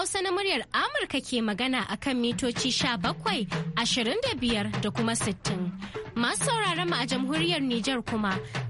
Hausa na muryar Amurka ke magana a kan mitoci bakwai ashirin da biyar da kuma sittin Masu sauraron mu a jamhuriyar Nijar kuma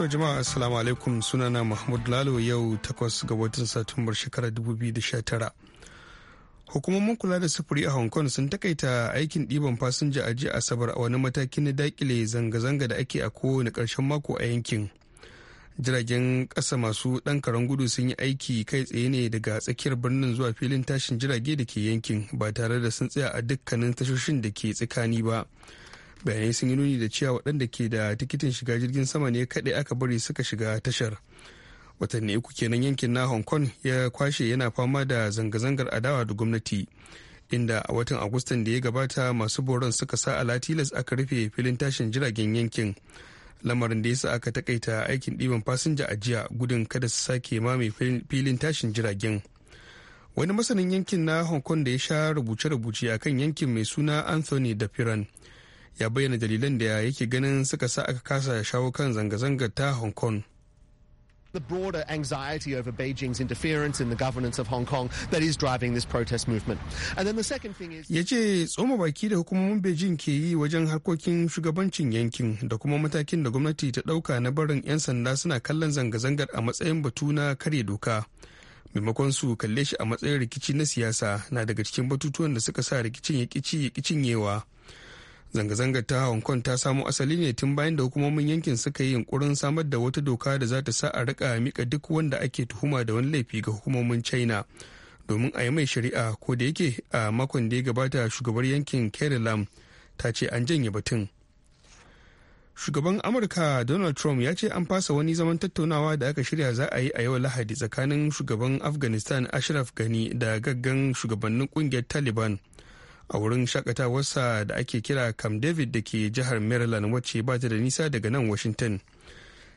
To jama'a assalamu alaikum sunana Mahmud Lalo yau takwas ga watan Satumbar shekarar 2019. Hukumomin kula da sufuri a Hong Kong sun takaita aikin ɗiban fasinja a jiya Asabar a wani mataki na dakile zanga-zanga da ake a kowane ƙarshen mako a yankin. Jiragen ƙasa masu ɗan karen gudu sun yi aiki kai tsaye ne daga tsakiyar birnin zuwa filin tashin jirage da ke yankin ba tare da sun tsaya a dukkanin tashoshin da ke tsakani ba. bayanai sun yi nuni da cewa waɗanda ke da tikitin shiga jirgin sama ne kaɗai aka bari suka shiga tashar watanni uku kenan yankin na hong kong ya kwashe yana fama da zanga-zangar adawa da gwamnati inda a watan agustan da ya gabata masu boron suka sa ala tilas aka rufe filin tashin jiragen yankin lamarin da ya sa aka takaita aikin ɗiban fasinja a jiya gudun kada su sake mame filin tashin jiragen wani masanin yankin na hong kong da ya sha rubuce-rubuce akan yankin mai suna anthony da piran ya bayyana dalilan da yake ganin suka sa aka kasa shawo kan zanga-zangar ta hong kong the broader anxiety over Beijing's interference in the governance of Hong Kong that is driving this protest movement. And then the second thing is ya tsoma baki da hukumomin Beijing ke yi wajen harkokin shugabancin yankin da kuma matakin da gwamnati ta dauka na barin 'yan sanda suna kallon zanga-zangar a matsayin batu na kare doka. maimakon su kalle shi a matsayin rikici na siyasa na daga cikin batutuwan da suka sa rikicin ya kici ya zanga-zangar ta hong kong ta samo asali ne tun bayan da hukumomin yankin suka yi yunkurin samar da wata doka da za ta sa a rika mika duk wanda ake tuhuma da wani laifi ga hukumomin china domin a yi mai shari'a ko da yake a makon da ya gabata shugabar yankin carrie lam ta ce an janye batun shugaban amurka donald trump ya ce an fasa wani zaman tattaunawa da aka shirya za a yi a yau lahadi tsakanin shugaban afghanistan ashraf gani da gaggan shugabannin kungiyar taliban a wurin shakatawarsa da ake kira camp david da ke jihar maryland wacce ba ta da nisa daga nan washington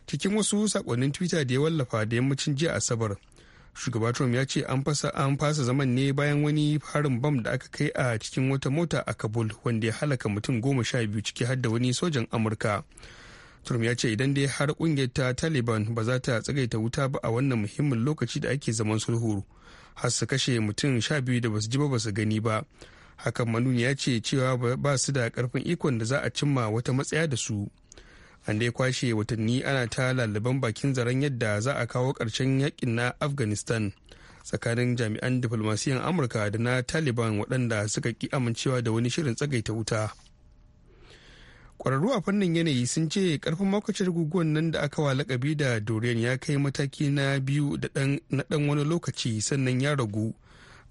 cikin wasu sakonnin twitter da ya wallafa da yammacin jiya asabar shugaba trump ya ce an fasa zaman ne bayan wani farin bam da aka kai a cikin wata mota a kabul wanda ya halaka mutum goma sha biyu ciki har da wani sojan amurka trump ya ce idan dai har kungiyar ta taliban ba za ta tsagaita wuta ba a wannan muhimmin lokaci da ake zaman sulhu har su kashe mutum sha biyu da basu ji ba basu gani ba hakan malun ya ce cewa ba su da karfin ikon da za a cimma wata matsaya da su an dai kwashe watanni ana ta lalaban bakin zaren yadda za a kawo karshen yakin na afghanistan tsakanin jami'an diflomasiyan amurka da na taliban waɗanda suka ki amincewa da wani shirin tsagaita wuta kwararru a fannin yanayi sun ce karfin makwacin guguwan nan da aka wa lakabi da dorian ya kai mataki na biyu na ɗan wani lokaci sannan ya ragu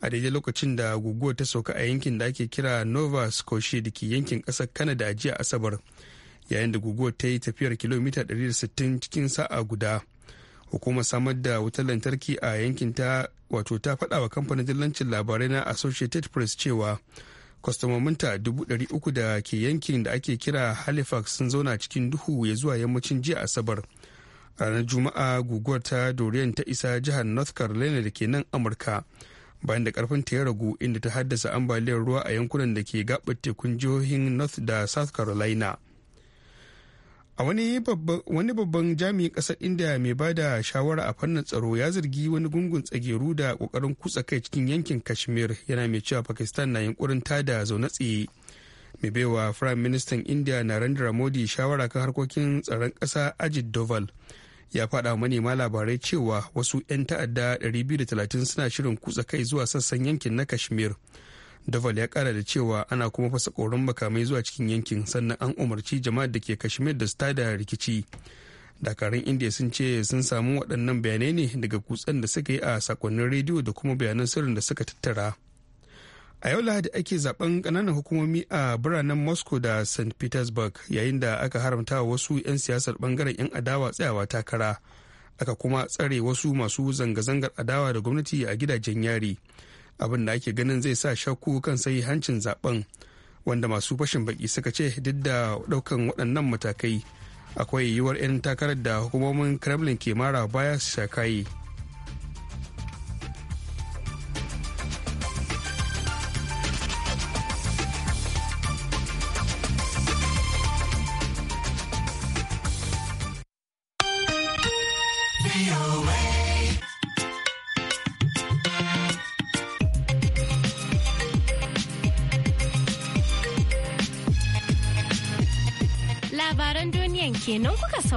a daidai lokacin da guguwar ta sauka a yankin da ake kira nova scotia da ke yankin ƙasar canada a jiya asabar yayin da guguwar ta yi tafiyar kilomita 160 cikin sa'a guda hukumar samar da wutar lantarki a yankin ta wato ta faɗa wa kamfanin dillancin labarai na associated press cewa kwastomominta 300 da ke yankin da ake kira halifax sun zauna cikin duhu ya zuwa yammacin jiya asabar ranar juma'a guguwar ta dorian ta isa jihar north carolina da ke nan amurka bayan da karfin ta ya ragu inda ta haddasa ambaliyar ruwa a yankunan da ke gabar tekun jihohin north da south carolina a wani babban jami'in kasar india mai ba da shawara a fannin tsaro ya zargi wani gungun tsageru da kokarin kutsa kai cikin yankin kashmir yana mai cewa pakistan na yunkurin tada zaune tsaye mai baiwa firayim ministan india narendra modi shawara kan harkokin tsaron kasa ajit doval ya faɗa manema labarai cewa wasu 'yan ta'adda 230 suna shirin kutsa kai zuwa sassan yankin na kashmir Daval ya kara da cewa ana kuma fasa korin makamai zuwa cikin yankin sannan an umarci jama'ar da ke kashmir da su da rikici dakarun india sun ce sun samu waɗannan bayanai ne daga kutsen da suka yi a sakonnin rediyo da kuma bayanan sirrin da suka tattara a yau lahadi ake zaben kananan hukumomi a biranen moscow da st petersburg yayin da aka haramta wasu 'yan siyasar bangaren 'yan adawa tsayawa takara aka kuma tsare wasu masu zanga-zangar adawa da gwamnati a gidajen yari abin da ake ganin zai sa shakku kan sai hancin zaben wanda masu fashin baki suka ce duk da daukan waɗannan matakai akwai yiwuwar 'yan takarar da hukumomin kremlin ke mara baya su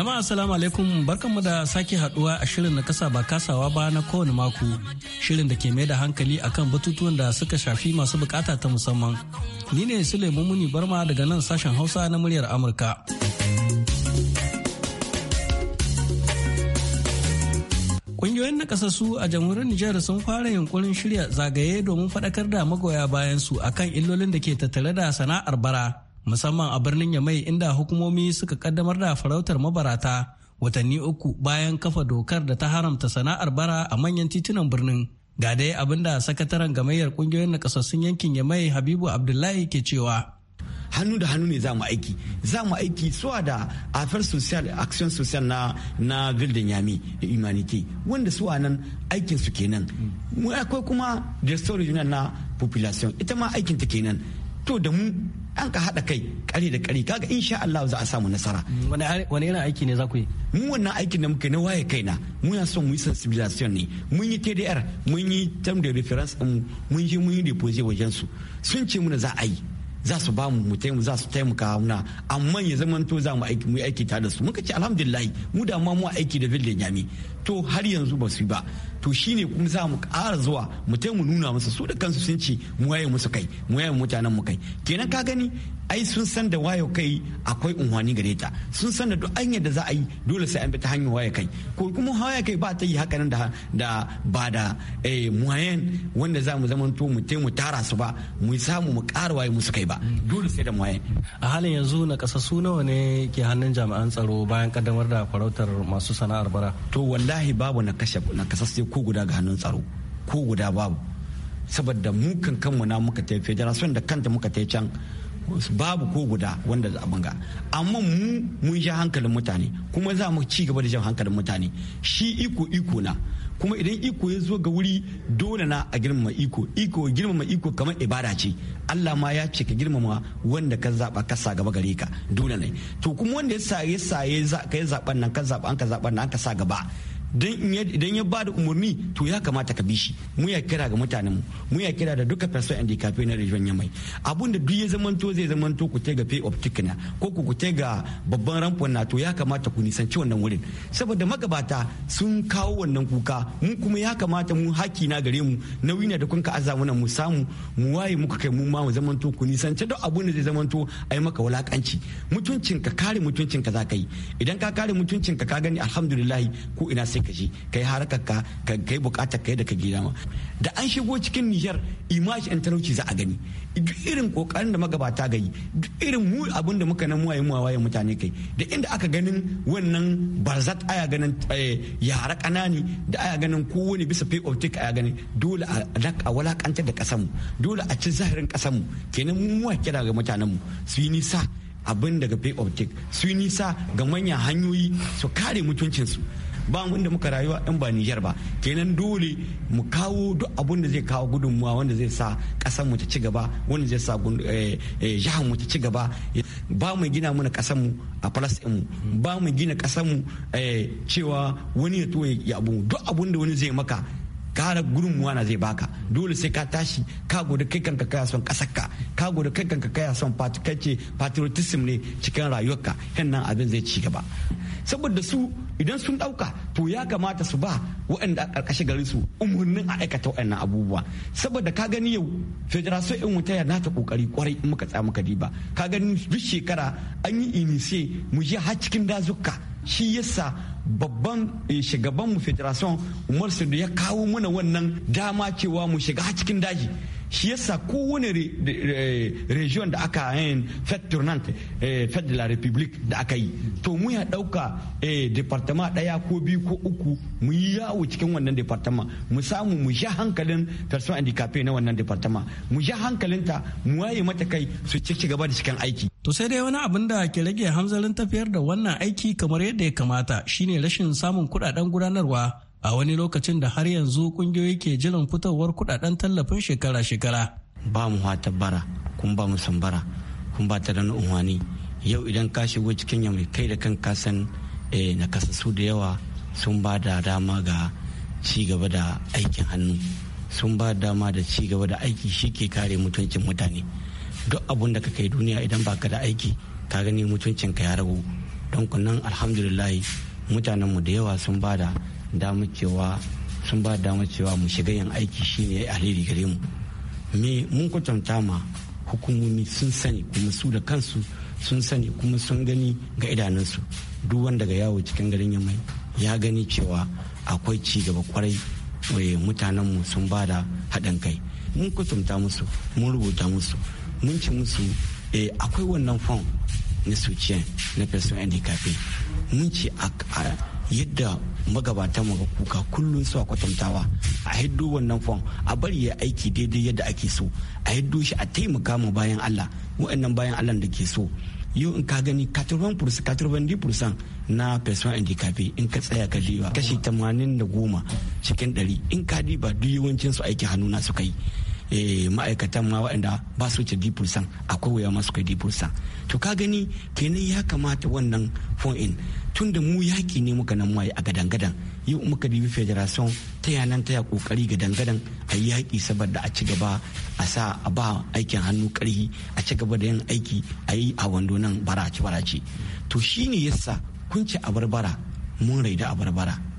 Jama'a salamu alaikum barkanmu da sake haduwa a shirin na kasa ba kasawa ba na kowane mako shirin da ke mai da hankali akan batutuwan da suka shafi masu bukata ta musamman. Ni ne Suleiman Muni Barma daga nan sashen Hausa na muryar Amurka. Ƙungiyoyin nakasassu a jamhuriyar Nijar sun fara yunkurin shirya zagaye domin faɗakar da magoya bayansu akan illolin da ke tattare da sana'ar bara. musamman a birnin Yamai inda hukumomi suka kaddamar da farautar mabarata watanni uku bayan kafa dokar da ta haramta sana'ar bara a manyan titunan birnin. Ga dai abin da sakataren gamayyar kungiyoyin nakasassun yankin Yamai Habibu Abdullahi ke cewa. hannu da hannu ne za mu aiki za mu aiki suwa da affaires social action social na na vildin yami humanity wanda suwa nan aikin su kenan akwai kuma director story na population ita ma aikin ta kenan to da mu an ka haɗa kai ƙari da ƙari kaga insha Allah za a samu nasara wani irin aiki ne za ku yi mu wannan aikin da muke na waye kaina mu na son mu yi sensibilisation ne mun yi TDR mun yi term de reference mun je mun yi deposit wajen su sun ce muna za a yi za su ba mu za su taimaka muna amma ya zamanto za mu aiki mu tare da su muka ce alhamdulillah mu da ma mu aiki da bil nyami to har yanzu ba su ba to shine kuma za mu ƙara zuwa mu mu nuna musu su da kansu sun ce mu waye musu kai mu waye mutanen mu kai kenan ka gani ai sun san da waye kai akwai unhwani gare ta sun san da duk anyar da za a yi dole sai an bi ta hanyar waye kai ko kuma waye kai ba ta yi haka nan da da ba da eh muayen wanda za mu zamanto mu mu tara su ba mu samu mu ƙara waye musu kai ba dole sai da muayen a halin yanzu na ƙasa su nawa ne ke hannun jami'an tsaro bayan kaddamar da farautar masu sana'ar bara to wallahi babu na kashe na sai ko guda ga hannun tsaro ko guda babu saboda mu kankan mu na muka tafi federation da kanta muka tafi can babu ko guda wanda za banga amma mu mun ji hankalin mutane kuma za mu ci gaba da jan hankalin mutane shi iko iko na kuma idan iko ya zo ga wuri dole na a girmama iko iko girmama iko kamar ibada ce Allah ma ya ce ka girmama wanda ka zaba ka sa gaba gare ka dole ne to kuma wanda ya sa ya sa ya ka zaban nan ka an ka zaban nan ka sa gaba don ya ba da umarni to ya kamata ka bi shi mu ya kira ga mutanen mu mu ya kira da duka person and cafe na region yamai abun da duk ya zamanto zai zamanto ku ta ga pay optic na ko ku ku ta ga babban ramfon na to ya kamata ku nisanci wannan wurin saboda magabata sun kawo wannan kuka mu kuma ya kamata mu haki na gare mu nauyi na da kun ka azamu mu samu mu waye muka kai mu ma mu zamanto ku nisanci duk abun da zai zamanto ai maka wulakanci mutuncin ka kare mutuncin ka za ka yi idan ka kare mutuncin ka ka gani alhamdulillah ko ina sai ka kai harkar ka kai bukatar kai da ka gida ma da an shigo cikin Nijar imaji an talauci za a gani irin kokarin da magabata gayi duk irin mu abin da muka nan muwaye muwaye mutane kai da inda aka ganin wannan barzat aya ganin eh, yara kanani da aya ganin kowane bisa pay of take aya ganin dole a a walakantar da kasanmu dole a ci zahirin kasanmu kenan mu kira ga mutanenmu su yi nisa abin daga pay of take su yi nisa ga manyan hanyoyi su kare mutuncinsu ba mu da muka rayuwa in ba Nijar ba kenan dole mu kawo duk abun da zai kawo gudunmuwa wanda zai sa kasar mu ta ci gaba wanda zai sa eh, eh, jihar mu ta ci gaba ba mu gina mana kasar mu a falas mu ba mu gina kasar mu eh, cewa wani ya tuwo ya abu duk abun da wani zai maka kara gurin na zai baka dole sai ka tashi ka gode kai kanka kaya son kasarka ka gode kai kanka kaya son patikace patriotism ne cikin rayuwarka kan nan abin zai ci gaba saboda su idan sun dauka to ya kamata su ba waɗanda a ƙarƙashin garin su umurnin a aikata waɗannan abubuwa saboda ka gani yau federation in wuta ya nata kokari kwarai in muka tsaya muka diba ka gani duk shekara an yi inisiye mu je har cikin dazuka shi yasa babban eh, shugaban mu federation umar ya kawo mana wannan dama cewa mu shiga cikin daji shi yasa kowane region da aka yin fed tournant eh, fed de la republique da aka yi to mu ya dauka eh, departement daya ko biyu ko uku mu yi yawo cikin wannan departement mu samu mu sha hankalin person handicapé na wannan departement mu sha hankalinta mu waye mata kai su ci gaba da cikin aiki to sai dai wani abin da ke rage hanzarin tafiyar da wannan aiki kamar yadda ya kamata shine rashin samun kudaden gudanarwa a wani lokacin da har yanzu kungiyoyi ke jiran fitowar kudaden tallafin shekara-shekara. Ba mu hata bara, kun ba mu sambara, kun ba ta ranar unwani. Yau idan ka shigo cikin yamma kai da kan kasan eh, na kasasu da yawa sun ba da dama ga ci gaba da aikin hannu. Sun ba dama da ci gaba da aiki shi ke kare mutuncin mutane. Duk abun da ka kai duniya idan baka da aiki ka gani mutuncinka ya ragu. Don kunan alhamdulillah mutanenmu da yawa sun ba da damu cewa sun ba damu cewa mu shiga yin aiki shine alheri gare mu me mun kwatanta ma hukumomi sun sani kuma su da kansu sun sani kuma sun gani ga idanunsu duk wanda ga yawo cikin garin yamai ya gani cewa akwai ci gaba kwarai eh, mutanenmu sun ba da haɗin kai mun kwatanta musu mun rubuta musu mun ci musu eh, akwai wannan fom na suciya na person handicapping mun ce a yadda magabatan mu kuka kullum su kwatantawa a hiddo wannan fon a bari ya aiki daidai yadda ake so a hiddo shi a taimaka mu bayan Allah wa'annan bayan Allah da ke so yau in ka gani 80% na person handicapé in ka tsaya ka liwa kashi 80 da goma cikin 100 in ka diba duk yawancin su aiki hannu na suka yi Eh, ma'aikatan ma waɗanda ba su wuce dipulsan akwai wuya masu kai dipulsan to ka gani kenan ya kamata wannan phone in tun da mu yaƙi ne muka nan mai a gadan-gadan yi muka dibi federation ta yanan ta ya kokari gadan a yi yaƙi saboda a ci gaba a sa a ba aikin hannu ƙarfi a ci gaba da yin aiki a yi a wando nan barace-barace to shine yasa kun ci abarbara mun raida abarbara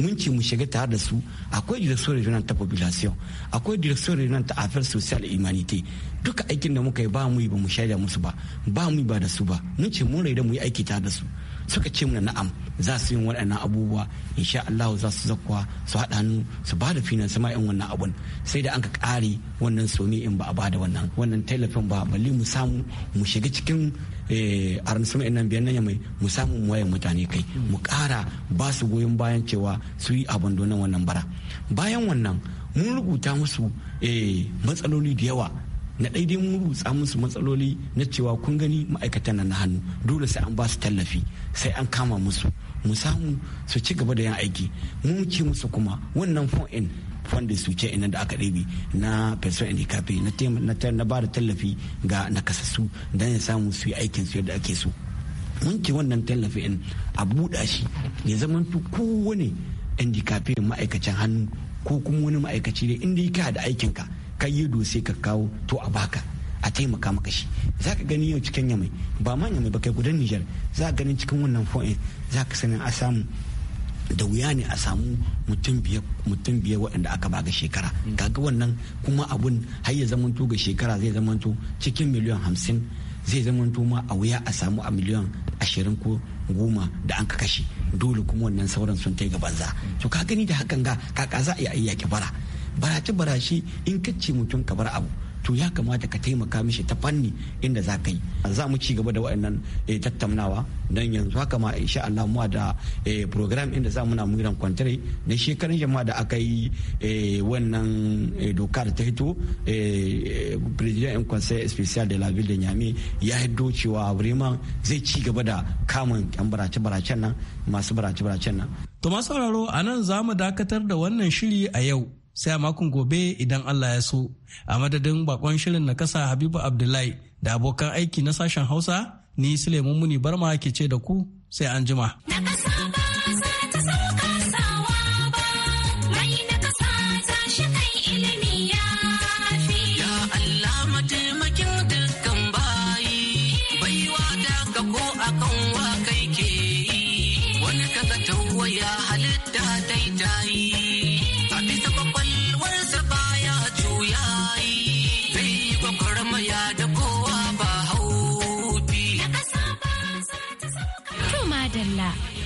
mun ce mu shiga tare da su akwai direction regional ta population akwai direction regional ta affaires social humanité duka aikin da muka yi ba mu yi ba mu shaida musu ba ba mu yi ba da su ba mun ce mun raida mu yi aiki tare da su suka ce mana na'am za su yi waɗannan abubuwa insha Allah za su zakwa su haɗa hannu su ba da finan sama in wannan abun sai da an ka ƙare wannan somi in ba a ba da wannan wannan tallafin ba balle mu samu mu shiga cikin eh, aran sama nan biyan nan mai mu samu mu wayan mutane kai mu ƙara ba su goyon bayan cewa su yi abin donan wannan bara bayan wannan mun rubuta musu eh, matsaloli da yawa na daidai mun rutsa musu matsaloli na cewa kun gani ma'aikatan na hannu dole sai an ba su tallafi sai an kama musu mu samu su ci gaba da yan aiki mun ce musu kuma wannan fon'in da su ce ina da aka ɗabi na person cafe na ba da tallafi ga nakasassu don ya samu su yi aikin su yadda ake so mun ce wannan tallafi in a buɗa shi ya zamantu kowane cafe ma'aikacin hannu ko kuma wani ma'aikaci ne inda ka da aikinka kai yi dose ka kawo to a baka a taimaka maka shi za ka gani yau cikin yamai ba ma yamai ba kai gudan nijar za ka gani cikin wannan fo'in za ka sanin a samu da wuya ne a samu mutum biyar waɗanda aka ba ga shekara mm. kaga wannan kuma abun har ya zamanto ga shekara zai zamanto cikin miliyan hamsin zai zamanto ma a wuya a samu a miliyan ashirin ko goma da an ka kashe dole kuma wannan sauran sun kai ga banza mm. to ka gani da hakan ga kaka za a yi ayyaki bara barace baraci in kace mutum ka bar abu to ya kamata ka taimaka mishi ta fanni inda za ka yi za mu ci gaba da waɗannan eh, tattaunawa don yanzu haka ma insha Allah mu da eh, program inda za mu na muran kwantare na shekarun jama'a da aka yi eh, wannan dokar ta hito president in conseil special de la ville de Niamey ya hiddo cewa vraiment zai ci gaba da kamun yan barace baracen nan masu barace baracen nan to masu sauraro a nan za mu dakatar da wannan shiri a yau sai a makon gobe idan Allah ya so. A madadin bakon shirin na kasa Habibu Abdullahi da abokan aiki na sashen Hausa ni Suleiman Muni Barma ke ce da ku sai an jima.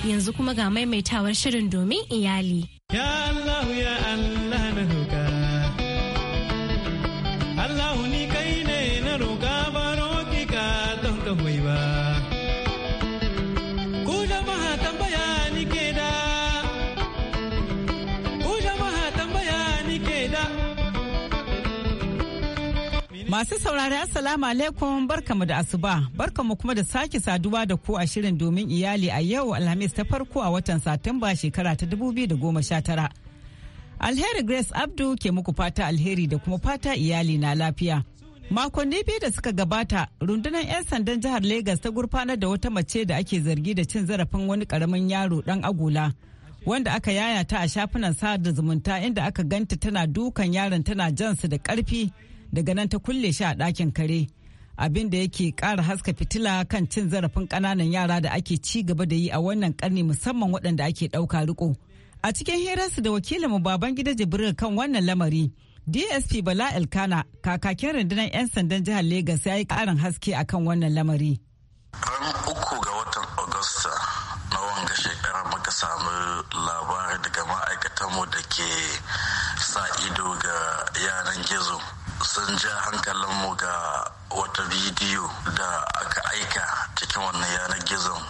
yanzu kuma ga maimaitawar shirin domin iyali. Ya Allah ya Allah na roƙa. Allah ni Masu saurari Assalamu alaikum barkamu da asuba, barkamu kuma da sake saduwa da ku a shirin domin iyali a yau Alhamis ta farko a watan Satumba shekara ta 2019. Alheri Grace Abdu ke muku fata alheri da kuma fata iyali na lafiya. Makonni biyu da suka gabata, rundunar 'yan sandan jihar Legas ta gurfanar da wata mace da ake zargi da cin zarafin wani karamin yaro dan agula. wanda aka yaya ta a shafinan sada zumunta inda aka ganta tana dukan yaron tana jansu da karfi daga nan ta kulle shi a ɗakin kare abin da yake ƙara haska fitila kan cin zarafin ƙananan yara da ake ci gaba da yi a wannan ƙarni musamman waɗanda ake ɗauka riko a cikin hirarsu da wakilin mu baban gida jibril kan wannan lamari dsp bala elkana kakakin rundunar 'yan sandan jihar Legas ya yi ƙarin haske akan wannan lamari ran uku ga watan agusta na wanga shekara muka samu labarin daga ma'aikatanmu da ke sa ido ga yanar gizo sun ja hankalinmu ga wata bidiyo da aka aika cikin wannan yanar gizon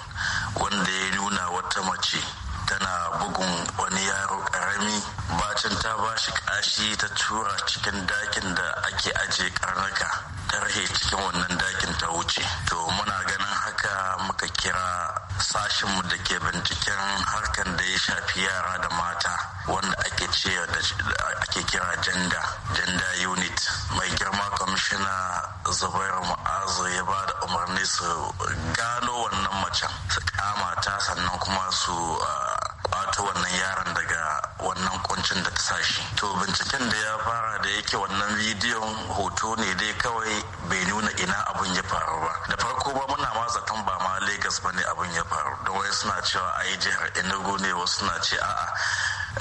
wanda ya nuna wata mace tana bugun wani yaro karami bacin ta ba shi kashi ta tura cikin dakin da ake ajiye karnaka ta cikin wannan dakin ta wuce to muna ganin muka kira sashenmu da ke binciken harkar da ya shafi yara da mata wanda ake ce ake kira janda janda unit mai girma kwamishina zubairu ma'azu ya ba da umarni su gano wannan macen su kama ta sannan kuma su ah, sashi to binciken da ya fara da yake wannan bidiyon hoto ne dai kawai bai nuna ina abun ya faru ba da farko ba muna ma zaton ba ma lagos ba ne abin ya faru da wai suna cewa a yi jihar enugu ne wasu suna ce a'a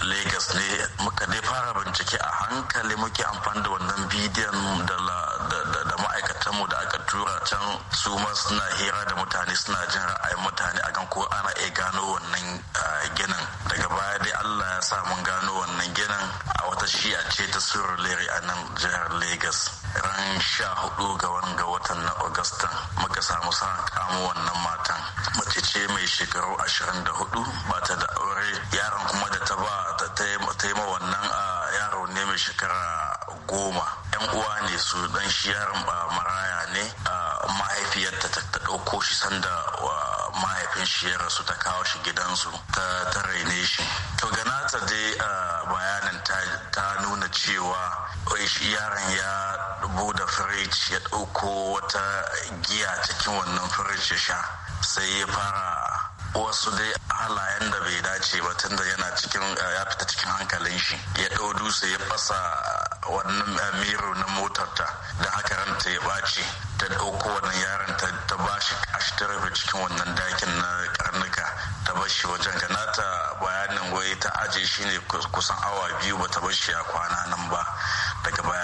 lagos ne muka dai fara bincike a hankali muke amfani da wannan bidiyon da ma'aikatanmu da aka tura can su ma suna hira da mutane suna jin ra'ayin mutane a kan ko ana iya gano wannan ah, ginin dai allah ya sa mun gano wannan ginin a wata a ce ta surulere a nan jihar Legas. ran sha hudu ga wanga watan na augustan muka samu sa kamo wannan matan mace ce mai shekaru ashirin da hudu ba ta da aure yaron kuma da ta ba ta yi ma wannan a yaro ne mai shekara goma yan uwa ne su dan shi yaron ba maraya ne a mahaifiyarta ta ɗauko shi sanda wa mahaifin shi ya rasu ta kawo shi gidansu ta ta raine shi to ganata dai bayanin ta nuna cewa yaron ya da firij ya ɗauko wata giya cikin wannan firij ya sha sai ya fara wasu dai halayen da bai dace ba tunda yana cikin ya fita cikin hankalin shi ya ɗau dutse ya fasa wannan miro na motar ta da haka ranta ya ɓaci ta ɗauko wannan yaron ta bashi a rufe cikin wannan dakin na karnuka ta bashi wajen ta bayanin wai ta aje shi ne kusan awa biyu ba ta bashi a kwana nan ba daga baya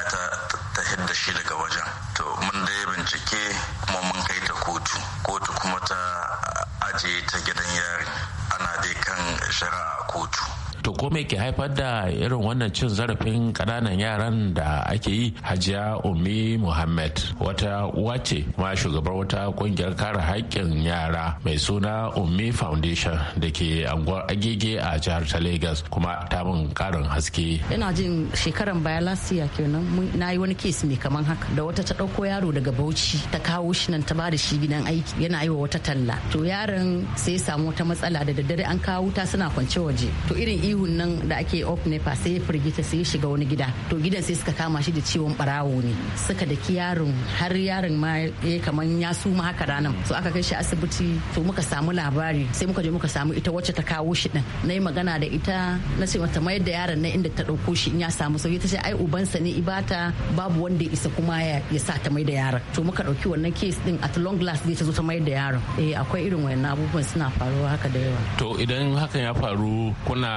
ko me ke haifar da irin wannan cin zarafin kananan yaran da ake yi hajiya ummi muhammad wata uwa ce ma shugabar wata kungiyar kare haƙƙin yara mai suna ummi foundation da ke anguwar agege a jihar ta lagos kuma ta karin haske ina jin shekaran baya lasiya kenan na yi wani kes mai kaman haka da wata ta ɗauko yaro daga bauchi ta kawo shi nan ta ba da shi gidan aiki yana yi wa wata talla to yaron sai ya samu wata matsala da daddare an kawo ta suna kwance waje to irin ihun nan da ake op nepa sai ya firgita sai ya shiga wani gida to gidan sai suka kama shi da ciwon barawo ne suka da yaron har yaron ma ya kaman ya suma haka ranan so aka kai shi asibiti to muka samu labari sai muka je muka samu ita wacce ta kawo shi din na yi magana da ita na ce mata mayar da yaron na inda ta ɗauko shi in ya samu sauki ta ce ai ubansa ne ibata babu wanda ya isa kuma ya sa ta mai da yaron to muka ɗauki wannan kes din at long last ta zo ta mai da yaron eh akwai irin wannan abubuwan suna faruwa haka da yawa to idan hakan ya faru kuna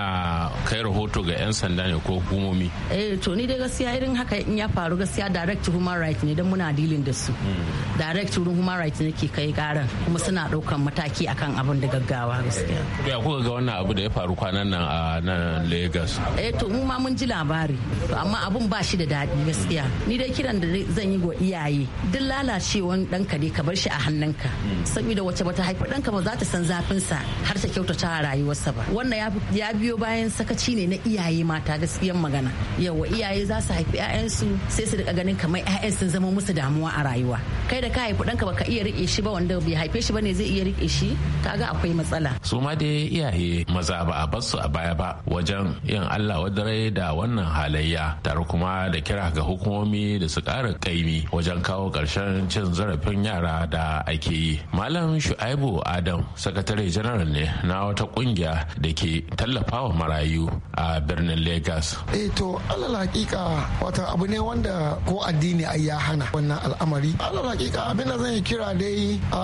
kai rahoto ga 'yan sanda ne ko hukumomi eh to ni dai gaskiya irin haka in ya faru gaskiya direct human right ne don muna dilin da su hmm. direct human right ne ke kai garan kuma suna daukan mataki akan abin da gaggawa gaskiya ya kuka ga wannan abu da ya faru kwanan nan a nan Lagos eh to mu ma mun ji labari amma abun ba shi da daɗi gaskiya ni dai kiran da zan yi wa iyaye duk lalacewan ɗanka dai ka bar shi a hannunka hmm. saboda wace bata haifi ɗanka ba za ta san sa har ta kyautata rayuwarsa ba wannan ya biyo bayan sa sakaci ne na iyaye mata gaskiyan magana yawa iyaye za su haifi 'ya'yansu sai su rika ganin kamar 'ya'yan sun zama musu damuwa a rayuwa kai da ka haifi ɗanka baka iya rike shi ba wanda bai haife shi ba ne zai iya riƙe shi ka ga akwai matsala su ma dai iyaye maza ba a bar su a baya ba wajen yin Allah wadare da wannan halayya tare kuma da kira ga hukumomi da su ƙara kaimi wajen kawo ƙarshen cin zarafin yara da ake yi malam shu'aibu adam sakatare janaral ne na wata ƙungiya da ke tallafawa marayu biyu a birnin lagos eh to alal hakika wata abu ne wanda ko addini ai ya hana wannan al'amari alal hakika abin da zan yi kira dai a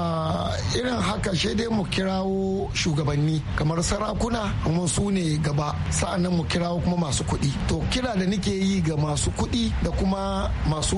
irin haka shi dai mu kirawo shugabanni kamar sarakuna kuma su ne gaba sa'annan mu kirawo kuma masu kuɗi to kira da nake yi ga masu kuɗi da kuma masu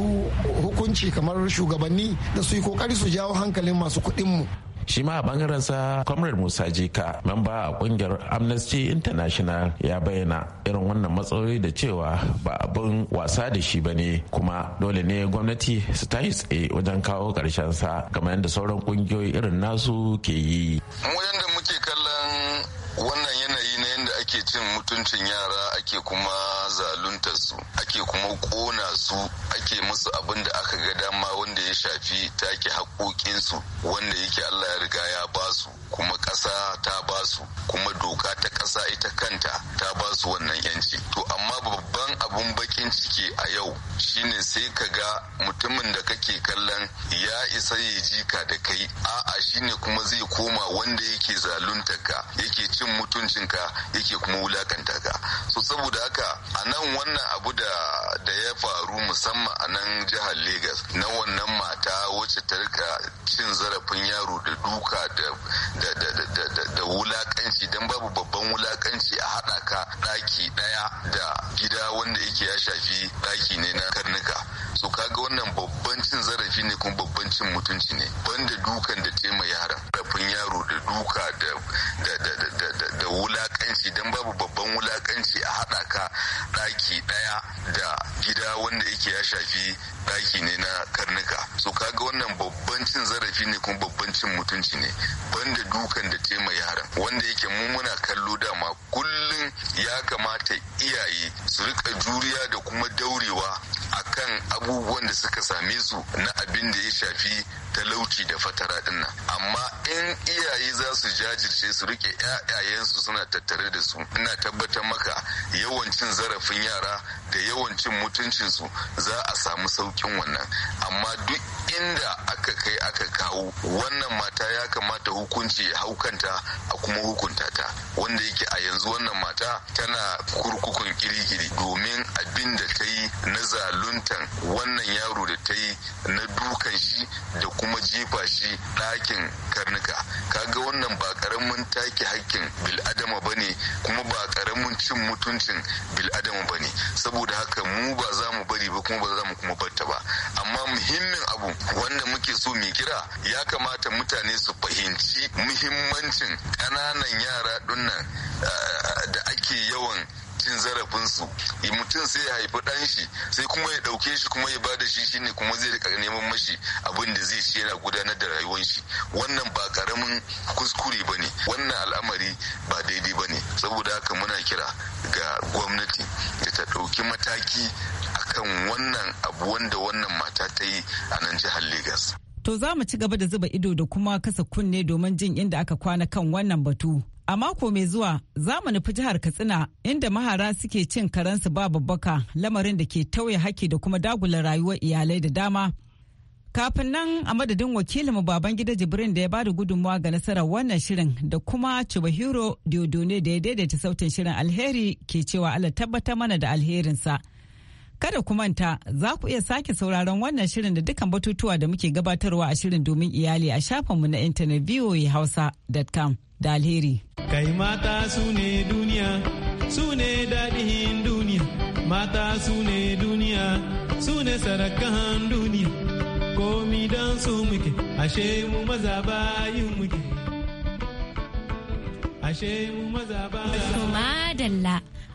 hukunci kamar shugabanni da su yi kokari su jawo hankalin masu kuɗin mu shi ma a bangaren sa comrade musa jika memba a kungiyar amnesty international ya bayyana irin wannan matsaloli da cewa ba abin wasa da shi ba ne kuma dole ne gwamnati su yi tsaye wajen kawo karshen sa kamar yadda sauran kungiyoyi irin nasu ke yi mu muke kallon wannan yanayi na yadda ake cin mutuncin yara ake kuma zalunta su ake kuma kona su ake musu abin da aka ga dama wanda ya shafi take haƙoƙinsu wanda yake Allah ya riga ya ba su kuma ƙasa ta ba su kuma doka ta ƙasa ita kanta ta ba su wannan yanci to amma babban abun bakin ciki a yau shine sai ka ga mutumin da kake kallon ya isa ya jika da kai a'a shine kuma zai koma wanda yake zalunta ka yake cin mutuncinka yake kuma wulakanta ka so saboda haka a nan wannan abu da da ya faru musamman a nan jihar Legas na wannan mata wacce ta rika cin zarafin yaro da duka da wulakanci don babu babban wulakanci a haɗa ka ɗaki ɗaya da gida wanda yake ya shafi daki ne na karnuka so kaga wannan babban cin zarafi ne kuma babban cin mutunci ne banda dukan da tema yaran rafin yaro da duka da wulakanci don babu babban wulakanci a haɗa ka ɗaki ɗaya da gida wanda yake ya shafi ɗaki ne na karnuka so kaga wannan babban cin zarafi ne kuma babban cin mutunci ne banda dukan da tema yaran wanda yake mu muna kallo dama kullum ya kamata iyaye su rika juriya da kuma daurewa kan abubuwan da suka same su na abin da ya shafi talauci da fatara dinna amma in iyaye za su jajirce su rike 'ya'yayensu suna tattare da su ina tabbatar maka yawancin zarafin yara da yawancin cin mutuncinsu za a samu saukin wannan amma duk inda aka kai aka kawo wannan mata ya kamata hukunci ya haukanta a kuma hukunta ta wanda yake a yanzu wannan mata tana kurkukun kirikiri domin abin da ta yi na zalunta rahoton wannan yaro da ta yi na dukan shi da kuma jefa shi ɗakin karnuka kaga wannan ba ƙaramin take hakkin bil'adama ba ne kuma ba ƙaramin cin mutuncin bil'adama ba ne saboda haka mu ba za mu bari ba kuma ba za mu kuma barta ba amma muhimmin abu wanda muke so mai kira ya kamata mutane su fahimci muhimmancin ƙananan yara ɗinnan eh, da ake yawan cin zarafin su mutum sai ya haifi ɗan shi sai kuma ya ɗauke shi kuma ya ba da shi shine kuma zai rika neman mashi abin da zai shi yana gudanar da rayuwar shi wannan ba karamin kuskure ba ne wannan al'amari ba daidai ba ne saboda haka muna kira ga gwamnati da ta ɗauki mataki akan wannan abu wanda wannan mata ta yi a nan jihar Legas. To za mu ci gaba da zuba ido da kuma kasa kunne domin jin inda aka kwana kan wannan batu. A mako mai zuwa za mu nufi jihar Katsina inda mahara suke cin karensu ba babbaka lamarin da ke tauye haki da kuma dagula rayuwar iyalai da dama. Kafin nan a madadin wakilinmu baban gida Jibrin da ya ba da gudunmawa ga nasarar wannan shirin da kuma Chubahiro Diodone da ya daidaita sautin shirin alheri ke cewa Allah tabbatar mana da alherinsa. Kada ku manta za ku iya sake sauraron wannan shirin da dukkan batutuwa da muke gabatarwa a shirin domin iyali a shafinmu na intanet voahausa.com da alheri. Kai mata su ne duniya, su ne daɗin duniya, mata su ne duniya, su ne sarakan duniya, komi don su muke, ashe mu maza yi muke. Ashe mu maza ba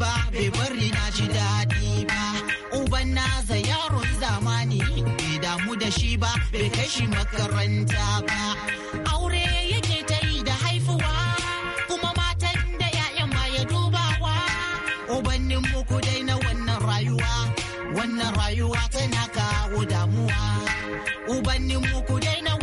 ba bai bari na ji daɗi ba uban za yaro zamani bai damu da shi ba bai kai shi makaranta ba aure yake ta yi da haifuwa kuma matan da 'ya'yan ma ya dubawa ubannin muku dai na wannan rayuwa wannan rayuwa tana kawo damuwa ubannin muku dai na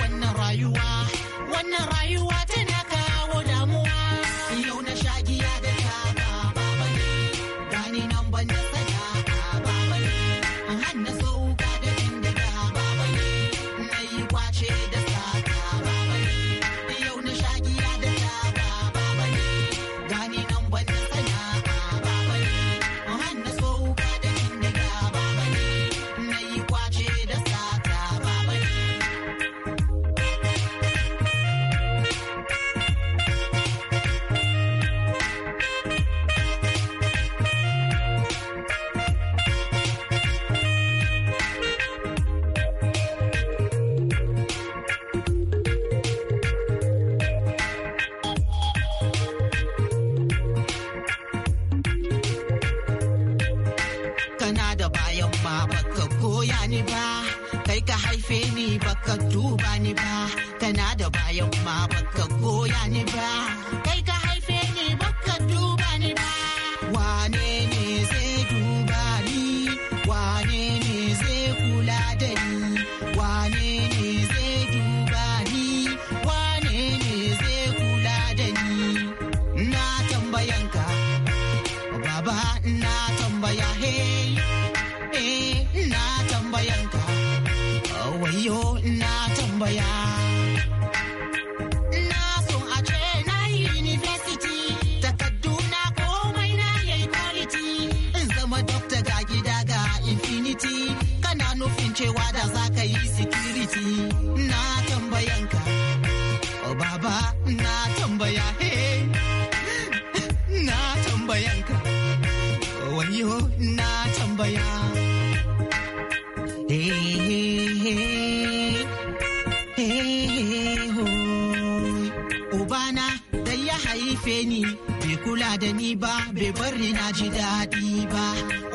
ji daɗi ba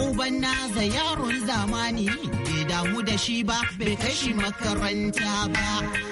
uban naza yaron zamani bai damu da shi ba bai kashi makaranta ba